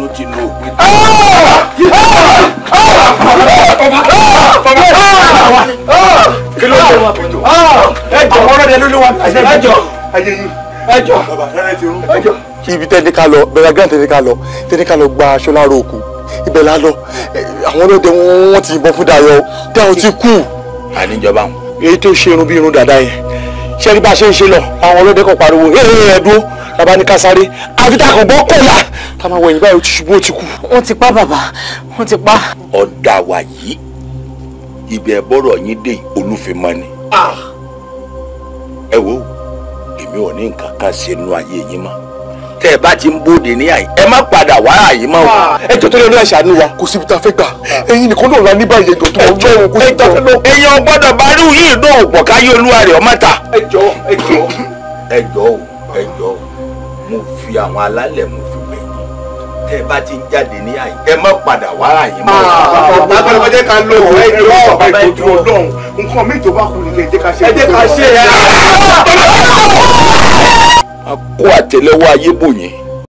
ló ti lo òpin. kí ló dé wa pẹ̀jọ. ẹjọ ọ̀rọ̀ rẹ ló lé wa ẹjọ ayẹyẹ ẹjọ ẹjọ. ibi tẹ́ni ká lọ bẹ̀rẹ̀ grand tẹ́ni ká lọ tẹ́ni ká lọ gba aṣọ láàárọ̀ òkú ibẹ̀ la lọ àwọn ọlọ́dẹ wọn ti yìnbọn fún Dayọ̀ Dayọ̀ ti kú. àníjọba àwọn. èyí tó ṣe irun bí irun dàda yẹn ṣé ẹni bá ṣe ń ṣe lọ àwọn ọlọ́dẹ kan pariwo ẹ̀ẹ́dúró bàbá ní ká sáré àfi tá a kàn gbọ́ kọlà tá a máa wẹ̀yìn báyìí ó ti ṣubú ó ti kú. wọ́n ti pa bàbá wọ́n ti pa. ọ̀dà wà yìí ibi ẹ̀ bọ́rọ̀ yín dé olúfẹ́mọ́ ni. Ah! ẹ wo èmi ò ní nǹkan kan ṣe nínú ayé yín mọ́ tẹ ẹ bá ti ń bóde ní àyè ẹ má padà wá àyè mọ́ o. Ah! ẹ jọ tó lè ní àṣà ni wa kò síbi tá a fẹ́ gbà ah! ẹ̀yin nìkan náà la ní báyìí tó ń jọ òun kò sí tó ń lọ. èèyàn gbọ́dọ̀ bá rú yìí náà pọ̀ káyé olúwa rẹ̀ ọmọ ta. ẹ jọ ẹ jọ ẹ jọ ẹ jọ mo fi àwọn alálẹ̀ mo fi bẹ̀ yín tẹ́ ẹ bá ti ń jáde ní àyè ẹ má padà wá àyè mọ́. Ah, bàbá bàbá jẹ́ ká lo ìwé ìdúró bàbá ìtọ́jú ọlọ́run nǹkan mi tó bá kú nìkan ká ṣe é. ká ṣe é. a kó àtẹ́lẹwọ́ ayé yẹn